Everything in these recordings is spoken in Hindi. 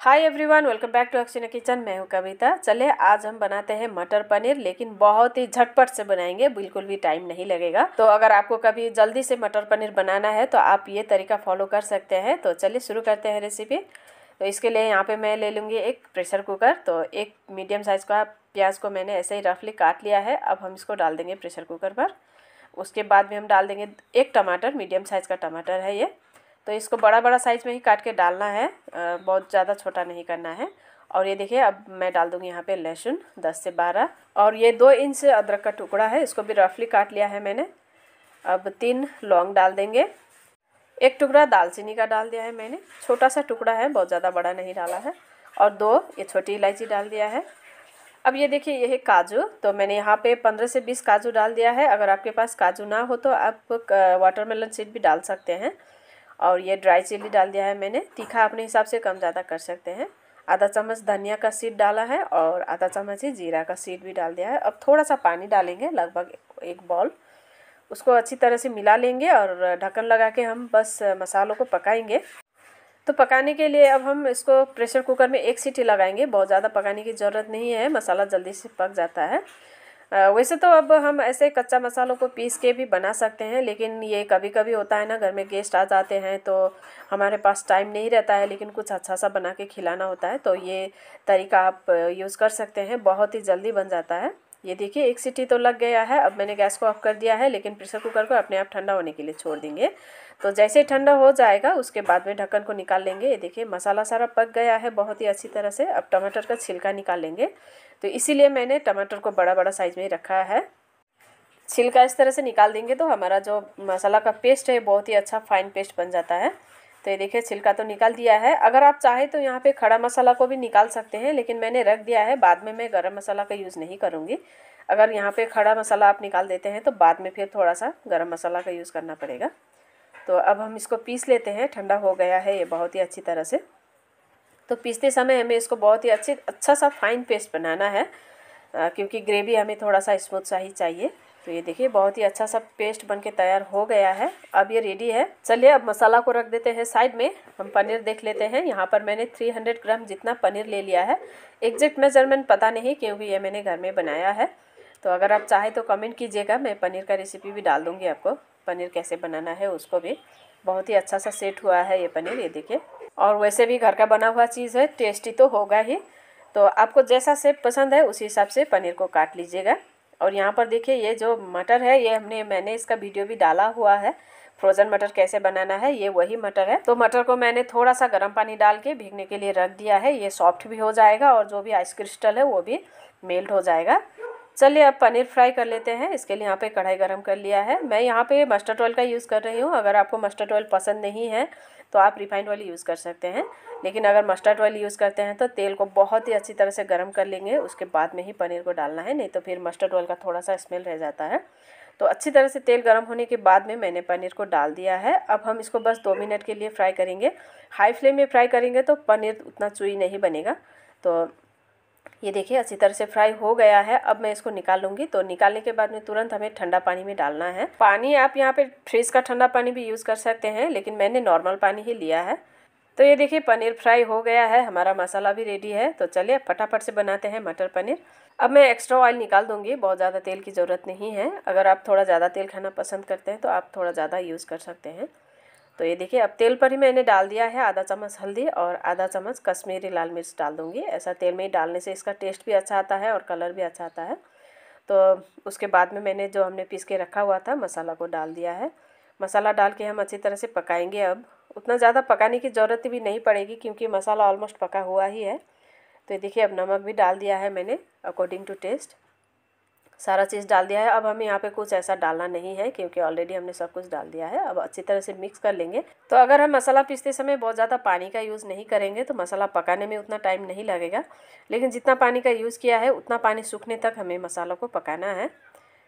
hi everyone welcome back to Akshina kitchen मैं हूँ कविता चले आज हम बनाते हैं मटर पनीर लेकिन बहुत ही झटपट से बनाएंगे बिल्कुल भी टाइम नहीं लगेगा तो अगर आपको कभी जल्दी से मटर पनीर बनाना है तो आप ये तरीका फॉलो कर सकते हैं तो चलिए शुरू करते हैं रेसिपी तो इसके लिए यहाँ पे मैं ले लूँगी एक प्रेशर कुकर तो एक मीडियम साइज़ का प्याज को मैंने ऐसे ही रफली काट लिया है अब हम इसको डाल देंगे प्रेशर कुकर पर उसके बाद में हम डाल देंगे एक टमाटर मीडियम साइज़ का टमाटर है ये तो इसको बड़ा बड़ा साइज़ में ही काट के डालना है बहुत ज़्यादा छोटा नहीं करना है और ये देखिए अब मैं डाल दूँगी यहाँ पे लहसुन दस से बारह और ये दो इंच अदरक का टुकड़ा है इसको भी रफली काट लिया है मैंने अब तीन लौंग डाल देंगे एक टुकड़ा दालचीनी का डाल दिया है मैंने छोटा सा टुकड़ा है बहुत ज़्यादा बड़ा नहीं डाला है और दो ये छोटी इलायची डाल दिया है अब ये देखिए ये है काजू तो मैंने यहाँ पे पंद्रह से बीस काजू डाल दिया है अगर आपके पास काजू ना हो तो आप वाटरमेलन सीड भी डाल सकते हैं और ये ड्राई चिल्ली डाल दिया है मैंने तीखा अपने हिसाब से कम ज़्यादा कर सकते हैं आधा चम्मच धनिया का सीड डाला है और आधा चम्मच ही जीरा का सीड भी डाल दिया है अब थोड़ा सा पानी डालेंगे लगभग एक बॉल उसको अच्छी तरह से मिला लेंगे और ढक्कन लगा के हम बस मसालों को पकाएंगे तो पकाने के लिए अब हम इसको प्रेशर कुकर में एक सीटी लगाएंगे बहुत ज़्यादा पकाने की ज़रूरत नहीं है मसाला जल्दी से पक जाता है वैसे तो अब हम ऐसे कच्चा मसालों को पीस के भी बना सकते हैं लेकिन ये कभी कभी होता है ना घर में गेस्ट आ जाते हैं तो हमारे पास टाइम नहीं रहता है लेकिन कुछ अच्छा सा बना के खिलाना होता है तो ये तरीका आप यूज़ कर सकते हैं बहुत ही जल्दी बन जाता है ये देखिए एक सीटी तो लग गया है अब मैंने गैस को ऑफ कर दिया है लेकिन प्रेशर कुकर को अपने आप ठंडा होने के लिए छोड़ देंगे तो जैसे ठंडा हो जाएगा उसके बाद में ढक्कन को निकाल लेंगे ये देखिए मसाला सारा पक गया है बहुत ही अच्छी तरह से अब टमाटर का छिलका निकाल लेंगे तो इसीलिए मैंने टमाटर को बड़ा बड़ा साइज़ में रखा है छिलका इस तरह से निकाल देंगे तो हमारा जो मसाला का पेस्ट है बहुत ही अच्छा फाइन पेस्ट बन जाता है तो ये देखिए छिलका तो निकाल दिया है अगर आप चाहे तो यहाँ पे खड़ा मसाला को भी निकाल सकते हैं लेकिन मैंने रख दिया है बाद में मैं गरम मसाला का यूज़ नहीं करूँगी अगर यहाँ पे खड़ा मसाला आप निकाल देते हैं तो बाद में फिर थोड़ा सा गरम मसाला का यूज़ करना पड़ेगा तो अब हम इसको पीस लेते हैं ठंडा हो गया है ये बहुत ही अच्छी तरह से तो पीसते समय हमें इसको बहुत ही अच्छी अच्छा सा फाइन पेस्ट बनाना है क्योंकि ग्रेवी हमें थोड़ा सा स्मूथ सा ही चाहिए तो ये देखिए बहुत ही अच्छा सा पेस्ट बन के तैयार हो गया है अब ये रेडी है चलिए अब मसाला को रख देते हैं साइड में हम पनीर देख लेते हैं यहाँ पर मैंने 300 ग्राम जितना पनीर ले लिया है एग्जैक्ट मेजरमेंट पता नहीं क्योंकि ये मैंने घर में बनाया है तो अगर आप चाहें तो कमेंट कीजिएगा मैं पनीर का रेसिपी भी डाल दूँगी आपको पनीर कैसे बनाना है उसको भी बहुत ही अच्छा सा सेट हुआ है ये पनीर ये देखिए और वैसे भी घर का बना हुआ चीज़ है टेस्टी तो होगा ही तो आपको जैसा सेप पसंद है उसी हिसाब से पनीर को काट लीजिएगा और यहाँ पर देखिए ये जो मटर है ये हमने मैंने इसका वीडियो भी डाला हुआ है फ्रोज़न मटर कैसे बनाना है ये वही मटर है तो मटर को मैंने थोड़ा सा गर्म पानी डाल के भीगने के लिए रख दिया है ये सॉफ्ट भी हो जाएगा और जो भी आइस क्रिस्टल है वो भी मेल्ट हो जाएगा चलिए अब पनीर फ्राई कर लेते हैं इसके लिए यहाँ पे कढ़ाई गरम कर लिया है मैं यहाँ पे मस्टर्ड ऑयल का यूज़ कर रही हूँ अगर आपको मस्टर्ड ऑयल पसंद नहीं है तो आप रिफाइंड ऑयल यूज़ कर सकते हैं लेकिन अगर मस्टर्ड ऑयल यूज़ करते हैं तो तेल को बहुत ही अच्छी तरह से गर्म कर लेंगे उसके बाद में ही पनीर को डालना है नहीं तो फिर मस्टर्ड ऑयल का थोड़ा सा स्मेल रह जाता है तो अच्छी तरह से तेल गर्म होने के बाद में मैंने पनीर को डाल दिया है अब हम इसको बस दो मिनट के लिए फ्राई करेंगे हाई फ्लेम में फ्राई करेंगे तो पनीर उतना चुई नहीं बनेगा तो ये देखिए अच्छी तरह से फ्राई हो गया है अब मैं इसको निकाल लूंगी तो निकालने के बाद में तुरंत हमें ठंडा पानी में डालना है पानी आप यहाँ पे फ्रिज का ठंडा पानी भी यूज़ कर सकते हैं लेकिन मैंने नॉर्मल पानी ही लिया है तो ये देखिए पनीर फ्राई हो गया है हमारा मसाला भी रेडी है तो चलिए फटाफट से बनाते हैं मटर पनीर अब मैं एक्स्ट्रा ऑयल निकाल दूंगी बहुत ज़्यादा तेल की ज़रूरत नहीं है अगर आप थोड़ा ज़्यादा तेल खाना पसंद करते हैं तो आप थोड़ा ज़्यादा यूज़ कर सकते हैं तो ये देखिए अब तेल पर ही मैंने डाल दिया है आधा चम्मच हल्दी और आधा चम्मच कश्मीरी लाल मिर्च डाल दूँगी ऐसा तेल में ही डालने से इसका टेस्ट भी अच्छा आता है और कलर भी अच्छा आता है तो उसके बाद में मैंने जो हमने पीस के रखा हुआ था मसाला को डाल दिया है मसाला डाल के हम अच्छी तरह से पकाएंगे अब उतना ज़्यादा पकाने की ज़रूरत भी नहीं पड़ेगी क्योंकि मसाला ऑलमोस्ट पका हुआ ही है तो देखिए अब नमक भी डाल दिया है मैंने अकॉर्डिंग टू टेस्ट सारा चीज़ डाल दिया है अब हमें यहाँ पे कुछ ऐसा डालना नहीं है क्योंकि ऑलरेडी हमने सब कुछ डाल दिया है अब अच्छी तरह से मिक्स कर लेंगे तो अगर हम मसाला पीसते समय बहुत ज़्यादा पानी का यूज़ नहीं करेंगे तो मसाला पकाने में उतना टाइम नहीं लगेगा लेकिन जितना पानी का यूज़ किया है उतना पानी सूखने तक हमें मसालों को पकाना है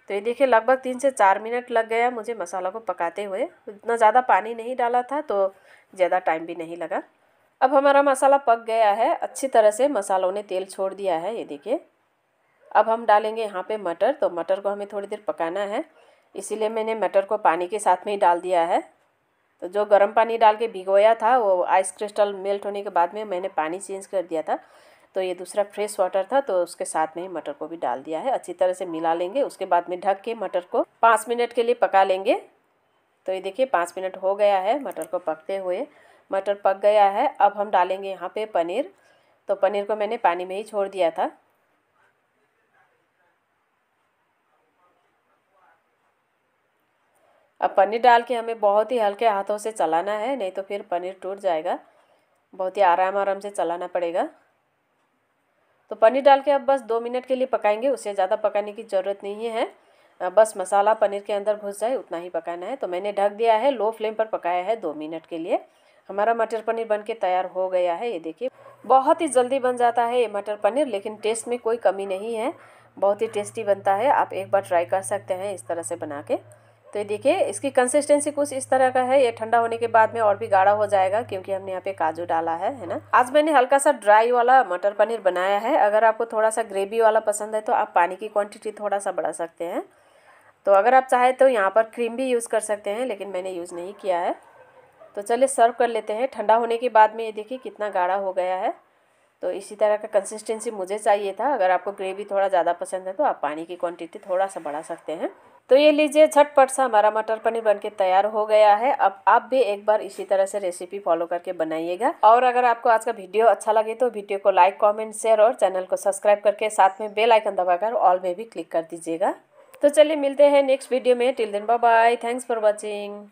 तो ये देखिए लगभग तीन से चार मिनट लग गया मुझे मसाला को पकाते हुए इतना ज़्यादा पानी नहीं डाला था तो ज़्यादा टाइम भी नहीं लगा अब हमारा मसाला पक गया है अच्छी तरह से मसालों ने तेल छोड़ दिया है ये देखिए अब हम डालेंगे यहाँ पे मटर तो मटर को हमें थोड़ी देर पकाना है इसीलिए मैंने मटर को पानी के साथ में ही डाल दिया है तो जो गर्म पानी डाल के भिगोया था वो आइस क्रिस्टल मेल्ट होने के बाद में मैंने पानी चेंज कर दिया था तो ये दूसरा फ्रेश वाटर था तो उसके साथ में ही मटर को भी डाल दिया है अच्छी तरह से मिला लेंगे उसके बाद में ढक के मटर को पाँच मिनट के लिए पका लेंगे तो ये देखिए पाँच मिनट हो गया है मटर को पकते हुए मटर पक गया है अब हम डालेंगे यहाँ पे पनीर तो पनीर को मैंने पानी में ही छोड़ दिया था अब पनीर डाल के हमें बहुत ही हल्के हाथों से चलाना है नहीं तो फिर पनीर टूट जाएगा बहुत ही आराम आराम से चलाना पड़ेगा तो पनीर डाल के अब बस दो मिनट के लिए पकाएंगे उससे ज़्यादा पकाने की ज़रूरत नहीं है बस मसाला पनीर के अंदर घुस जाए उतना ही पकाना है तो मैंने ढक दिया है लो फ्लेम पर पकाया है दो मिनट के लिए हमारा मटर पनीर बन के तैयार हो गया है ये देखिए बहुत ही जल्दी बन जाता है ये मटर पनीर लेकिन टेस्ट में कोई कमी नहीं है बहुत ही टेस्टी बनता है आप एक बार ट्राई कर सकते हैं इस तरह से बना के तो ये देखिए इसकी कंसिस्टेंसी कुछ इस तरह का है ये ठंडा होने के बाद में और भी गाढ़ा हो जाएगा क्योंकि हमने यहाँ पे काजू डाला है है ना आज मैंने हल्का सा ड्राई वाला मटर पनीर बनाया है अगर आपको थोड़ा सा ग्रेवी वाला पसंद है तो आप पानी की क्वांटिटी थोड़ा सा बढ़ा सकते हैं तो अगर आप चाहें तो यहाँ पर क्रीम भी यूज़ कर सकते हैं लेकिन मैंने यूज़ नहीं किया है तो चलिए सर्व कर लेते हैं ठंडा होने के बाद में ये देखिए कितना गाढ़ा हो गया है तो इसी तरह का कंसिस्टेंसी मुझे चाहिए था अगर आपको ग्रेवी थोड़ा ज़्यादा पसंद है तो आप पानी की क्वांटिटी थोड़ा सा बढ़ा सकते हैं तो ये लीजिए झटपट सा हमारा मटर पनीर बनके तैयार हो गया है अब आप भी एक बार इसी तरह से रेसिपी फॉलो करके बनाइएगा और अगर आपको आज का वीडियो अच्छा लगे तो वीडियो को लाइक कमेंट शेयर और चैनल को सब्सक्राइब करके साथ में बेल आइकन दबाकर ऑल में भी क्लिक कर दीजिएगा तो चलिए मिलते हैं नेक्स्ट वीडियो में till then bye bye thanks for watching